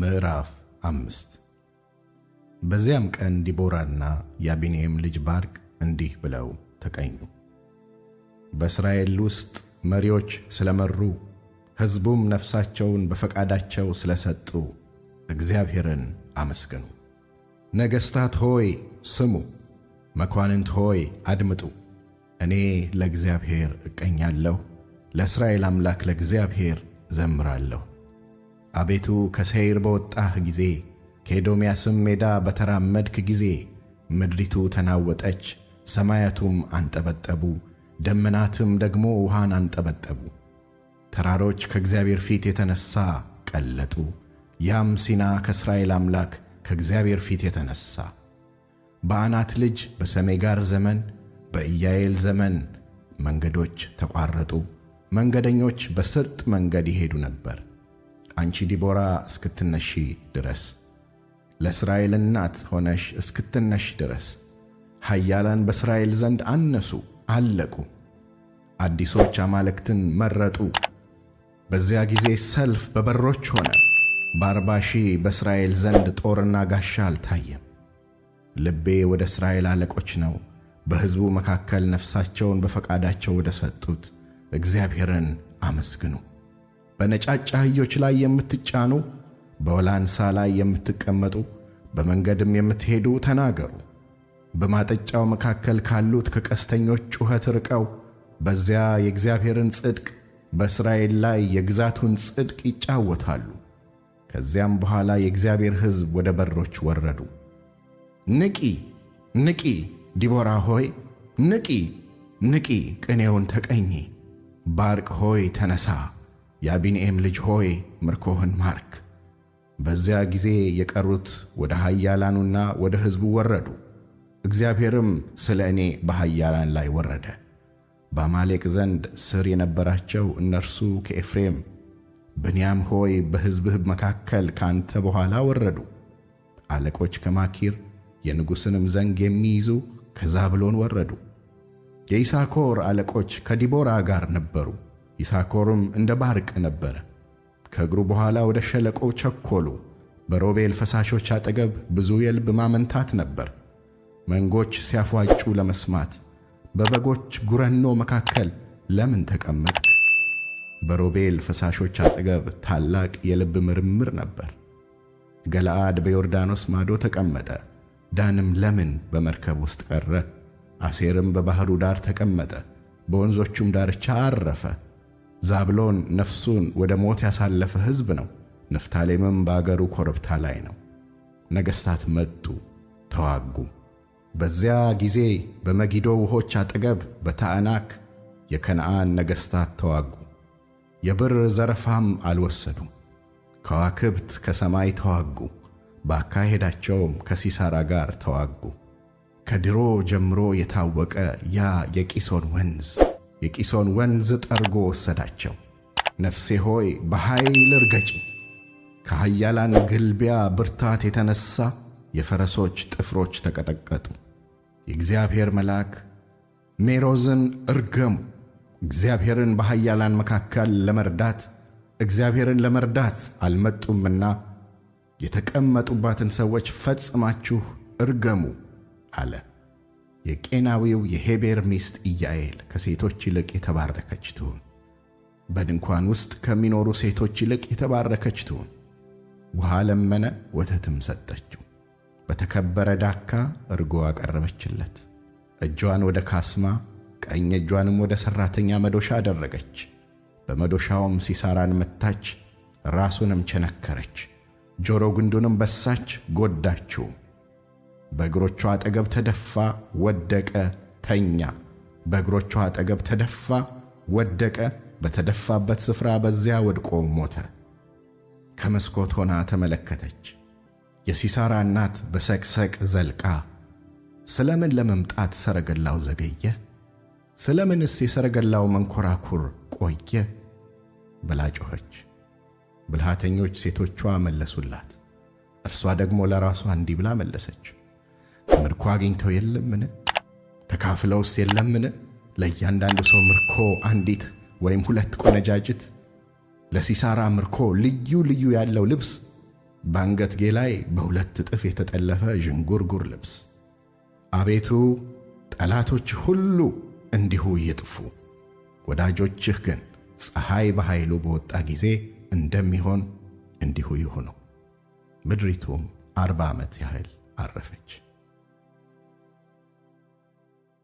ምዕራፍ አምስት በዚያም ቀን ዲቦራና የአቢኒኤም ልጅ ባርቅ እንዲህ ብለው ተቀኙ። በእስራኤል ውስጥ መሪዎች ስለመሩ ሕዝቡም ነፍሳቸውን በፈቃዳቸው ስለሰጡ እግዚአብሔርን አመስግኑ። ነገሥታት ሆይ ስሙ፣ መኳንንት ሆይ አድምጡ። እኔ ለእግዚአብሔር እቀኛለሁ፣ ለእስራኤል አምላክ ለእግዚአብሔር ዘምራለሁ። አቤቱ ከሰይር በወጣህ ጊዜ ከኤዶምያስም ሜዳ በተራመድክ ጊዜ ምድሪቱ ተናወጠች፣ ሰማያቱም አንጠበጠቡ፣ ደመናትም ደግሞ ውሃን አንጠበጠቡ። ተራሮች ከእግዚአብሔር ፊት የተነሣ ቀለጡ፣ ያም ሲና ከእስራኤል አምላክ ከእግዚአብሔር ፊት የተነሣ በአናት ልጅ በሰሜጋር ዘመን በኢያኤል ዘመን መንገዶች ተቋረጡ፣ መንገደኞች በስርጥ መንገድ ይሄዱ ነበር። አንቺ ዲቦራ እስክትነሺ ድረስ ለእስራኤል እናት ሆነሽ እስክትነሽ ድረስ ኃያላን በእስራኤል ዘንድ አነሱ አለቁ፣ አዲሶች አማልክትን መረጡ። በዚያ ጊዜ ሰልፍ በበሮች ሆነ። በአርባ ሺህ በእስራኤል ዘንድ ጦርና ጋሻ አልታየም። ልቤ ወደ እስራኤል አለቆች ነው፣ በሕዝቡ መካከል ነፍሳቸውን በፈቃዳቸው ወደ ሰጡት እግዚአብሔርን አመስግኑ። በነጫጭ አህዮች ላይ የምትጫኑ፣ በወላንሳ ላይ የምትቀመጡ፣ በመንገድም የምትሄዱ ተናገሩ። በማጠጫው መካከል ካሉት ከቀስተኞች ጩኸት ርቀው በዚያ የእግዚአብሔርን ጽድቅ በእስራኤል ላይ የግዛቱን ጽድቅ ይጫወታሉ። ከዚያም በኋላ የእግዚአብሔር ሕዝብ ወደ በሮች ወረዱ። ንቂ ንቂ፣ ዲቦራ ሆይ ንቂ ንቂ፣ ቅኔውን ተቀኚ። ባርቅ ሆይ ተነሳ የአቢኒኤም ልጅ ሆይ ምርኮህን ማርክ። በዚያ ጊዜ የቀሩት ወደ ኃያላኑና ወደ ሕዝቡ ወረዱ። እግዚአብሔርም ስለ እኔ በኃያላን ላይ ወረደ። በአማሌቅ ዘንድ ስር የነበራቸው እነርሱ ከኤፍሬም ብንያም ሆይ በሕዝብህ መካከል ካንተ በኋላ ወረዱ። አለቆች ከማኪር የንጉሥንም ዘንግ የሚይዙ ከዛብሎን ወረዱ። የይሳኮር አለቆች ከዲቦራ ጋር ነበሩ። ይሳኮርም እንደ ባርቅ ነበረ። ከእግሩ በኋላ ወደ ሸለቆው ቸኰሉ። በሮቤል ፈሳሾች አጠገብ ብዙ የልብ ማመንታት ነበር፣ መንጎች ሲያፏጩ ለመስማት። በበጎች ጉረኖ መካከል ለምን ተቀመጥ በሮቤል ፈሳሾች አጠገብ ታላቅ የልብ ምርምር ነበር። ገለዓድ በዮርዳኖስ ማዶ ተቀመጠ፣ ዳንም ለምን በመርከብ ውስጥ ቀረ? አሴርም በባሕሩ ዳር ተቀመጠ፣ በወንዞቹም ዳርቻ አረፈ። ዛብሎን ነፍሱን ወደ ሞት ያሳለፈ ሕዝብ ነው። ንፍታሌምም በአገሩ ኮረብታ ላይ ነው። ነገሥታት መጡ፣ ተዋጉ። በዚያ ጊዜ በመጊዶ ውኾች አጠገብ በታዕናክ የከነዓን ነገሥታት ተዋጉ። የብር ዘረፋም አልወሰዱም። ከዋክብት ከሰማይ ተዋጉ፣ በአካሄዳቸውም ከሲሳራ ጋር ተዋጉ። ከድሮ ጀምሮ የታወቀ ያ የቂሶን ወንዝ የቂሶን ወንዝ ጠርጎ ወሰዳቸው። ነፍሴ ሆይ በኃይል እርገጪ። ከኃያላን ግልቢያ ብርታት የተነሣ የፈረሶች ጥፍሮች ተቀጠቀጡ። የእግዚአብሔር መልአክ ሜሮዝን እርገሙ፣ እግዚአብሔርን በኃያላን መካከል ለመርዳት እግዚአብሔርን ለመርዳት አልመጡምና የተቀመጡባትን ሰዎች ፈጽማችሁ እርገሙ አለ። የቄናዊው የሄቤር ሚስት ኢያኤል ከሴቶች ይልቅ የተባረከች ትሁን። በድንኳን ውስጥ ከሚኖሩ ሴቶች ይልቅ የተባረከች ትሁን። ውሃ ለመነ፣ ወተትም ሰጠችው። በተከበረ ዳካ እርጎ አቀረበችለት። እጇን ወደ ካስማ ቀኝ እጇንም ወደ ሠራተኛ መዶሻ አደረገች። በመዶሻውም ሲሳራን መታች፣ ራሱንም ቸነከረች፣ ጆሮ ግንዱንም በሳች፣ ጎዳችው። በእግሮቿ አጠገብ ተደፋ፣ ወደቀ፣ ተኛ። በእግሮቿ አጠገብ ተደፋ፣ ወደቀ፣ በተደፋበት ስፍራ በዚያ ወድቆ ሞተ። ከመስኮት ሆና ተመለከተች። የሲሳራ እናት በሰቅሰቅ ዘልቃ ስለ ምን ለመምጣት ሰረገላው ዘገየ? ስለ ምንስ የሰረገላው መንኮራኩር ቆየ? ብላ ጮኸች። ብልሃተኞች ሴቶቿ መለሱላት። እርሷ ደግሞ ለራሷ እንዲህ ብላ መለሰች። ምርኮ አግኝተው የለምን? ተካፍለውስ የለምን? ለእያንዳንዱ ሰው ምርኮ አንዲት ወይም ሁለት ቆነጃጅት፣ ለሲሳራ ምርኮ ልዩ ልዩ ያለው ልብስ፣ በአንገትጌ ላይ በሁለት እጥፍ የተጠለፈ ዥንጉርጉር ልብስ። አቤቱ ጠላቶች ሁሉ እንዲሁ ይጥፉ፣ ወዳጆችህ ግን ፀሐይ በኃይሉ በወጣ ጊዜ እንደሚሆን እንዲሁ ይሁኑ። ምድሪቱም አርባ ዓመት ያህል አረፈች።